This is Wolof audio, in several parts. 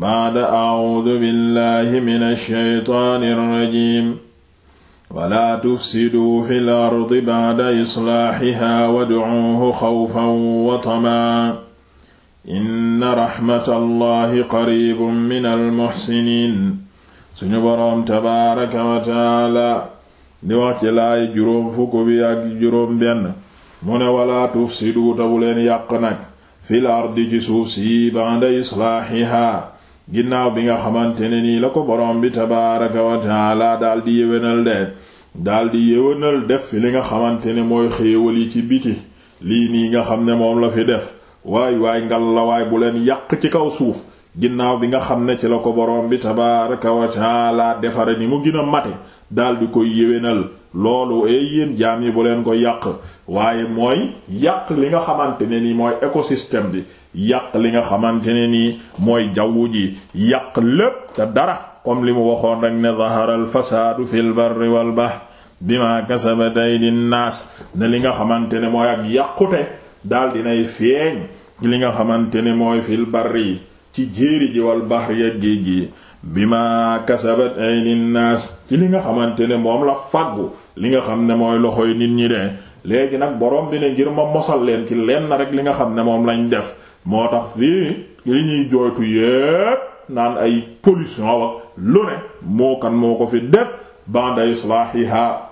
baada audu billahi min alsheytaani alrajim walaa tufsiduu fi l ardi baada islaaxiha wadcuuhu xawfan wa tamaa inna raxmata allahi qaribun min almuxsiniin suñu boroom tabaaraka wa taala di wax ci laay juróom fukk bi ak juróom benn mu ne walaa tufsiduu ta bu leen yàq nag fi l ardi ci suuf si baada islaaxiha ginnaaw bi nga xamante ne nii la ko borom bi tabaaraka wa taala daal di yéwénal de daal di yéwénal def fi li nga xamante ne mooy xéewal yi ci biti lii nii nga xam ne moom la fi def waay waay ngal la waay bu leen yàq ci kaw suuf ginnaaw bi nga xam ne ci la ko borom bi tabaaraka wa laa defare ni mu gën a mate daal di koy yéwénal loolu ee eh, yéen jaam yi bu leen ko yàq waaye mooy yàq li nga xamante ne nii mooy écosystème bi yàq li nga xamante ne nii mooy jaww ji yàq lépp ca dara comme li mu waxoon rek ne zahara al fasaadu fil barri wal bahr bima kasabat aydin naas ne li nga xamante ne mooy ak yàqute daal dinay feeñ li nga xamante ne mooy fil barri ci jéeri ji wal bahri ak géej gi bima kasabat aydin naas ci li nga xamante ne moom la fàggu li nga xam ne mooy loxoy nit ñi de léegi nag borom bi ne ngir ma mosal leen ci lenn rek li nga xam ne moom lañ def moo tax fii li ñuy jooytu yépp naan ay pollution ak lu ne moo moo ko fi def ba'da islahiha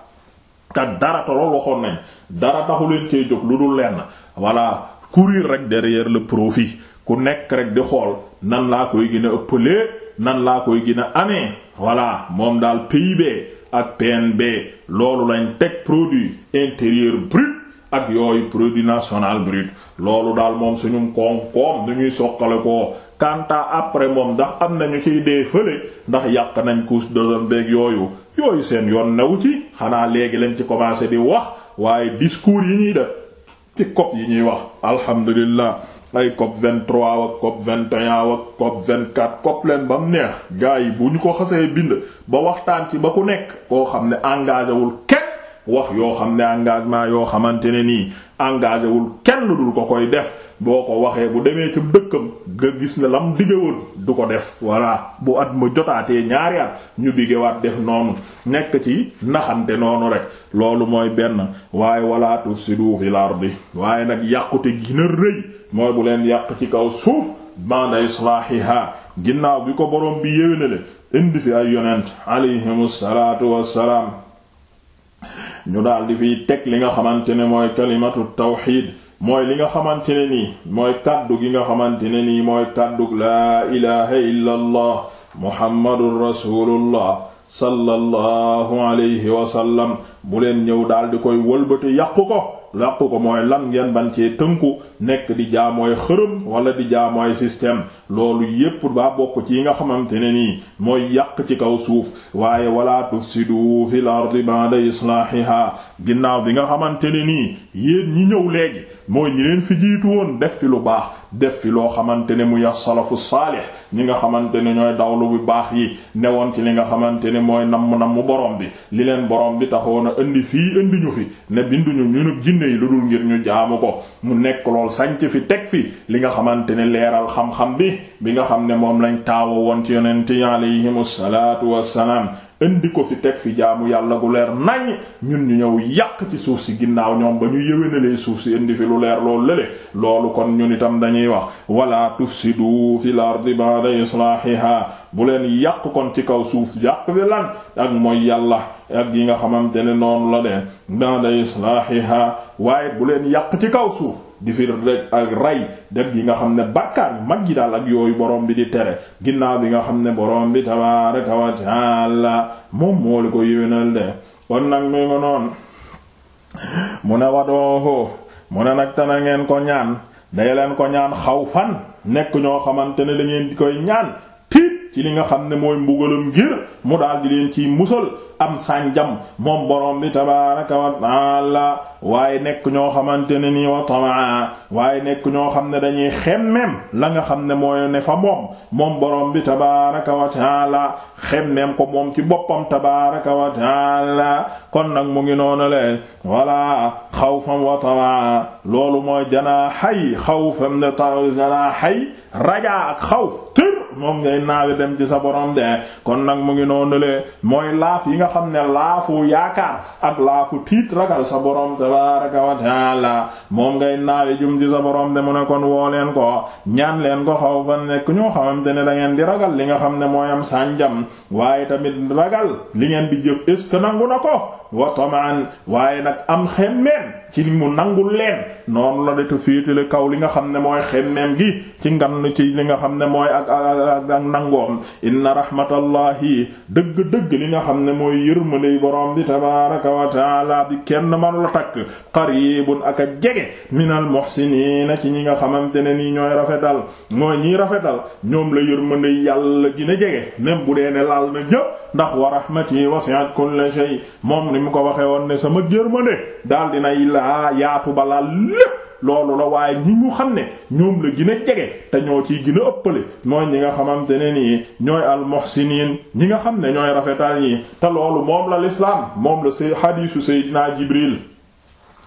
te dara tolool waxoon nañ dara taxu leen cee jóg lu dul lenn voilà courir rek derrière la profit ku nekk rek di xool nan laa koy gën a ëppalee nan laa koy gën a amee voilà moom daal PIB ak PNB loolu lañ teg produit intérieur brut ak yooyu produit national brut loolu daal moom suñu koom-koom nu ñuy soqale ko kanta après moom ndax am nañu ciy dee fële ndax yàq nañ couche d'ozone beeg yooyu yooyu seen yoon newu ci xanaa léegi lañ ci commencé di wax waaye discours yi ñuy def ci COP yi ñuy wax alhamdulillah ay COP 23 ak COP 21 ak COP 24 COP leen ba mu neex gars yi bu ñu ko xasee bind ba waxtaan ci ba ku nekk koo xam ne engagé wul wax yoo xam ne engagement yoo xamante ne nii engagé wul kenn dul ko koy def boo ko waxee bu demee ca dëkkam nga gis ne lam dige woon du ko def voilà bu at ma jotaatee ñaari at ñu digewaat def noonu nekk ci naxante noonu rek loolu mooy benn waaye wala tufsidu fil ardi waaye nag yàqute gina rëy mooy bu leen yàq ci kaw suuf banda islaahiha ginnaaw bi ko borom bi yéwénale indi fi ay yonent alayhimu salaatu ñu daal di fi teg li nga xamante ne mooy kalimatu tawxiid mooy li nga xamante ne nii mooy kàddu gi nga xamante ne nii mooy kàddu laa ilaha illa allah muhammadun rasulullah sallallahu alayhi wa bu leen ñëw daal di koy wëlbati yàqu ko yàqu ko mooy lan ngeen ban cee tënku nekk di jaamooy xërëm wala di jaamooy système loolu yépp baa bokk ci yi nga xamante ne nii mooy yàq ci kaw suuf waaye wala tufsidu fil de ba'da islahiha ginnaaw bi nga xamante ne nii yéen ñi ñëw léegi mooy ñi leen fi jiitu woon def fi lu baax def fi loo xamante ne muy as-salafu saalih ñi nga xamante ne ñooy dawlu bu baax yi newoon ci li nga xamante ne mooy namm namm borom bi li leen borom bi taxoon a indi fii indi ñu fi ne binduñu ñun jinne yi lu dul ngir ñu jaamu ko mu nekk lool sanc fi teg fi li nga xamante ne leeral xam-xam bi bi nga xam ne moom lañ taawu woon ci yonent yi alayhimu salaatu wassalaam indi ko fi teg fi jaamu yàlla gu leer nañ ñun ñu ñëw yàq ci suuf si ginnaaw ñoom ba ñu na yéwénalee suuf si indi fi lu leer loolu lële loolu kon ñun itam dañuy wax wala tufsidu fil ardi ba'da islahiha bu leen yàq kon ci kaw suuf yàq fi lan ak mooy yàlla ak yi nga xamante ne noonu la de ba'da islaahiha waaye bu leen yàq ci kaw suuf di fi de ak rey def yi nga xam ne bakkaar yu mag yi daal ak yooyu boroom bi di tere ginnaaw bi nga xam ne boroom bi tabaaraka wa taala moom moo li ko yéwénal de kon nag mi nga noonu mu ne wadooho mu ne nag tana ngeen ko ñaan day leen ko ñaan xaw fan nekk ñoo xamante ne da ngeen di koy ñaan tiit ci li nga xam ne mooy mbugalum ngir mu daal di ci ciy musal am sànjam moom borom bi tabaaraka wa taala waaye nekk ñoo xamante ne nii wa waaye nekk ñoo xam ne dañuy xemmeem la nga xam ne mooy ne fa moom moom borom bi tabaaraka wa taala xemmeem ko moom ci boppam tabaaraka wa taala kon nag mu ngi noonu leen wala xawfam wa tamaa loolu mooy janaa xay xawfam ne taw janaa xay rajaa ak xawf tër moom ngay naawe dem ci sa borom de kon nag mu ngi noonule mooy laaf yi nga xam ne laafu yaakaar ak laafu tiit ragal sa borom tabaraka wa taala moom ngay naawe jum ci sa borom de mu ne kon woo leen ko ñaan leen ko xaw fa nekk ñoo xamante ne da ngeen di ragal li nga xam ne mooy am sànjam waaye tamit ragal li ngeen di jëf est nangu na ko wa tamaan waaye nag am xemmeen ci mu nangul leen noonu la de te kaw li nga xam ne mooy xemmem gi ci ngan ci li nga xam ne mooy ak ak ak nangoom inna rahmatallahi dëgg-dëgg li nga xam ne mooy yërmande borom bi tabaaraka wa taala bi kenn manu la takk qariibun ak a jege minal muhsiniina ci ñi nga xamante ne nii ñooy rafetal mooy ñiy rafetal ñoom la yërmande yàlla gina jege même bu dee ne laal na jë ndax wa yi wasi'at kulli shay moom ni mu ko waxee woon ne sama yërmande daal dina laa yaatu ba laal lépp loolu la waaye ñi mu xam ne ñoom la gën a jege te ñoo ciy gën ëppale mooy ñi nga xamante ne nii ñooy almuhsiniin ñi nga xam ne ñooy rafetal yi te loolu moom la lislaam moom la say hadiisu Seydina Jibril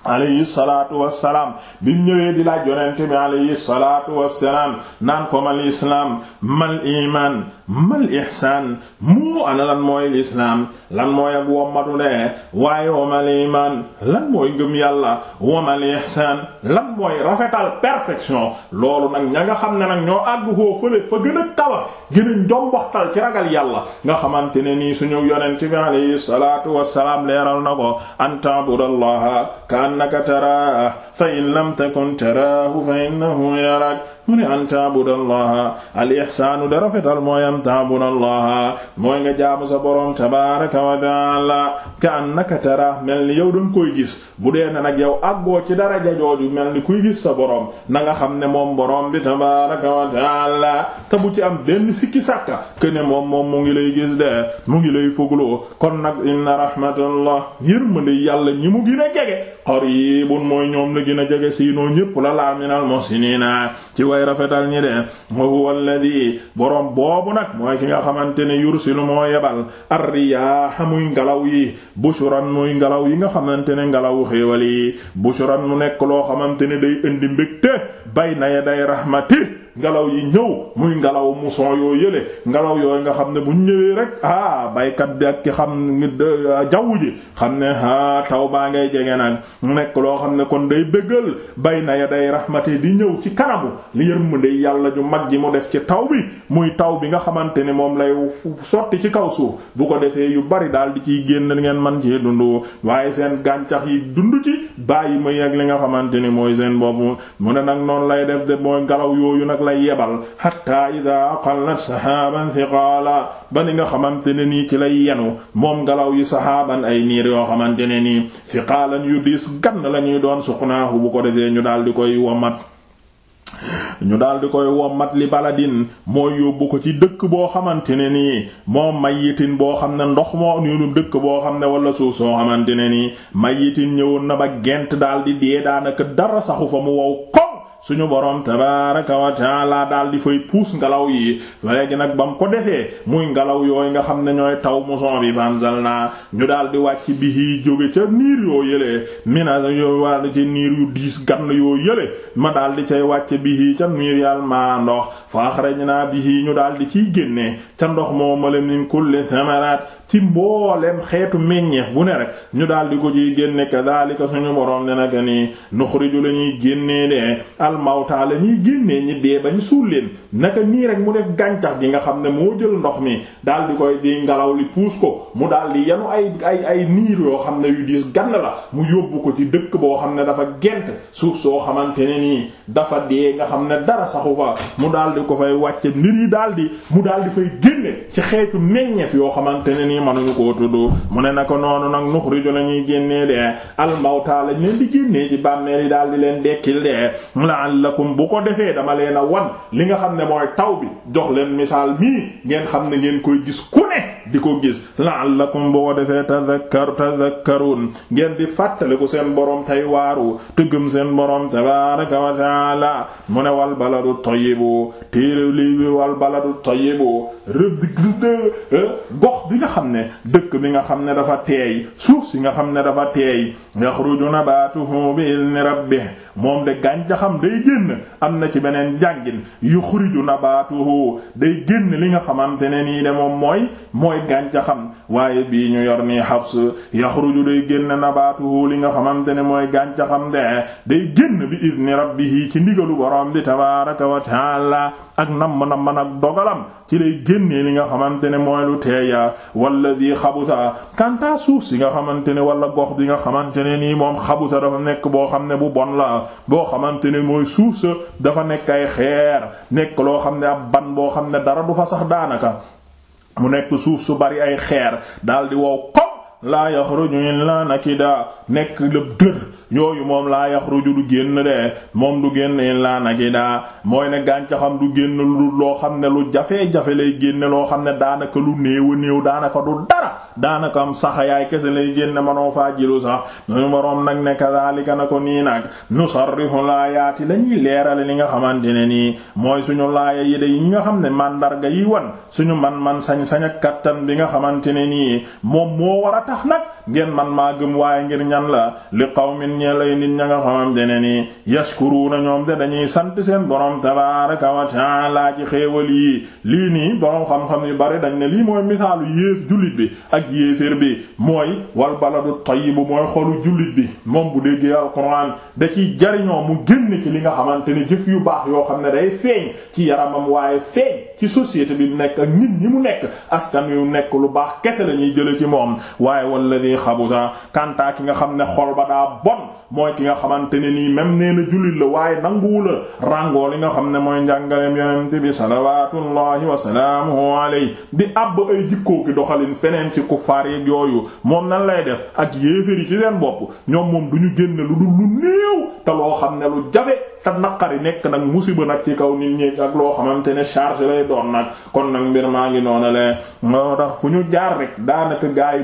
alayhi salaatu salaam bi ñëwee di laaj yonente bi alayhi salaatu wassalaam naan ko mal islaam mal iman mal ihsaan mu ana lan mooy lislaam lan mooy ak wommatu de waaye wamal iman lan mooy ngëm yàlla ma ihsaan lan mooy rafetal perfection loolu nag ña nga xam ne nag ñoo àgg koo fële fa a kawa gën a njom waxtal ci ragal yàlla nga xamante ne nii suñu yonent bi alayhi salaatu wassalaam leeral na an ta'budallaha ka annaka taraahu fa lam takun taraahu fa yarak mu ne an taabudallaha al ihsaanu da rafetal mooy an taabudallaha mooy nga jaamu sa boroom tabaaraka wa taala ka annaka tara mel ni yow danga koy gis bu dee na nag yow àggoo ci daraja jooju mel ni kuy gis sa boroom na nga xam ne moom boroom bi tabaaraka wa taala te bu ci am benn sikki sàkka ke ne moom moom mu ngi lay gis de mu ngi lay fugloo kon nag inna rahmatallah yërmande yàlla ñi mu gën a jege qariibun mooy ñoom la gën a jege siinoo ñépp la way rafetal ñi de wa huwa alladhi borom boobu nag mooy ki nga xamante ne yursilu moo yebal ar-riyaha ngelaw yi bushran muy ngelaw yi nga xamante ne ngelawu xéewal yi bushran mu nekk loo xamante ne day indi mbégte bayna yaday rahmati ngelaw yi ñëw muy ngelaw mousson yoo yële ngelaw yooyu nga xam ne bu ñu ñëwee rek ah baykat bi ak ki xam ah, jaww ji xam ne ah taw baa ngay jege nag nekk loo xam ne kon day bëggal bay na ya day rahmaté di ñëw ci kanamu li yërmande yàlla ju mag ji mu def ci taw bi muy taw bi nga xamante ni moom lay sotti ci kaw suuf bu ko defee yu bari daal di ciy génn ngeen man ci dund waaye seen gàncax yi dund ci bàyyi ma yegg li nga xamante ni mooy seen bopp mu ne nag noonu lay def de ngelaw yooyu nag lay yebal hatta ida aqallat sahaban thiqala ba ni nga xamante ne nii ci lay yenu moom ngelaw yi sahaban ay niir yoo xamante ne nii thiqalan yu diis gann la ñuy doon suqnaahu bu ko defee ñu daal di koy womat ñu dal di koy wommat li baladin mooy yóbbu ko ci dëkk boo xamante ne nii moom mayitin boo xam ne ndox moo ñu dëkk boo xam ne wala suuf soo xamante ne nii mayitin ñëwoon na ba gent daldi dee daanaka dara saxu fa mu wow. suñu borom tabaaraka wa taala daal di fay puus ngelaw yi léegi nag ba mu ko defee muy ngelaw yooyu nga xam ne ñooy taw muson bi banzal naa ñu daal di wàcc bi jóge ca niir yoo yëlee mina yoo wàll ci niir yu diis gann yoo yële ma daal di cay wàcc bi ca niir yàll maa ndox fa axrajnaa bihi ñu daal di ciy génnee ca ndox moom male ni kulli samaraat ci mbooleem xeetu meññeef bu ne rek ñu daal di ko ciy génne kadhalika suñu borom ne naka nii nuxriju la ñuy génnee innal mawta la ñuy génnee ñi dee bañ suul leen naka nii rek mu def gàncax gi nga xam ne moo jël ndox mi daal di koy di ngelaw li puus ko mu daal di yanu ay ay ay niir yoo xam ne yu diis gann la mu yóbbu ko ci dëkk boo xam ne dafa gent suuf soo xamante ne nii dafa dee nga xam ne dara saxu fa mu daal di ko fay wàcce niir yi daal di mu daal di fay ci xeetu meññeef yoo xamante ne nii mënuñu koo tudd mu ne naka noonu nag nuxriju la ñuy génnee de almawta lañ leen di génnee ci bànneel yi daal di leen dekkil de la'allakum bu ko defee dama leen a wan li nga xam ne mooy taw bi jox leen misaal mii ngeen xam ne ngeen koy gis ku ne di ko gis la'allakum boo defee tadhakkaru tadhakkarun ngeen di fàttaliku seen borom tay waaru te gëm seen borom tabaaraka wa taala mu ne wal baladu tayyibu téere lii bi wal baladu tayyibu eh, gox bi nga xam ne dëkk bi nga xam ne dafa teey suuf si nga xam ne dafa teey yaxruju nabaatuhu bi moom de gàncaxam day génn ci beneen jàngin yuxriju li nga xamante ne nii de moom mooy gàncaxam waaye bii ñu yor nii Hafs yaxruju day génn nabaatu li nga xamante ne mooy gàncaxam de day génn bi izni rabbihi ci ndigalu borom bi tabaaraka wa taala ak nam na man ak dogalam ci lay génnee li nga xamante ne mooy lu teeya walla di xabusa kanta suuf si nga xamante ne wala gox bi nga xamante ne nii moom xabusa dafa nekk boo xam ne bu bon la boo xamante ne mooy suuf sa dafa nekk ay xeer nekk loo xam ne ab ban boo xam ne dara du fa sax daanaka mu nekk suuf su bari ay xeer daldi wow kom laa yaxruju illaa nakida nekk lëb dër yooyu moom laa yaxruju du génn de moom du génn illaa nakida mooy ne gàncaxam du génn lu loo xam ne lu jafe-jafe lay génne loo xam ne daanaka lu néew a néew daanaka du dara daanaka am sax yaay kese lay génne manoo faa jilu sax ñu waroom nag ne kadhalika na ko nii nag yaat laayaati lañuy leerale li nga xamante ne nii mooy suñu laaya yi de yi nga xam ne màndarga yi wan suñu man-man sañ-sañ ak kattan bi nga xamante ne nii moom moo war a tax nag ngeen man maa gëm ñeel ay nit ña nga xamante ne nii yashkuruuna ñoom de dañuy sant seen borom tabaaraka wa ta'aala ci xéewal yi lii nii borom xam-xam yu bari dañ ne lii mooy misaalu yéef jullit bi ak yéeféer bi mooy wal baladu bu mooy xolu jullit bi moom bu déggee alxuraan da ci jariñoo mu génn ci li nga xamante ne jëf yu baax yoo xam ne day feeñ ci yaramam waaye feeñ ci société bi mu nekk ak nit ñi mu nekk askan yu nekk lu baax kese lañuy jële ci moom waaye bon mooy ki nga xamante ne nii même nee na jullit la waaye nanguwu la ràngoo li nga xam ne mooy njàngaleem yonent bi salawaatullahi wa salaamuhu alayhi di àbb ay jikkoo ki doxalin feneen ci kuffaar yeeg yooyu moom nan lay def ak yéeféer yi ci seen bopp ñoom moom du ñu génn lu dul lu néew te loo xam ne lu jafe te naqari nekk nag musiba nag ci kaw nit ñi ak loo xamante ne charge lay doon nag kon nag mbir maa ngi noonu la moo tax fu ñu jaar rek daanaka gaay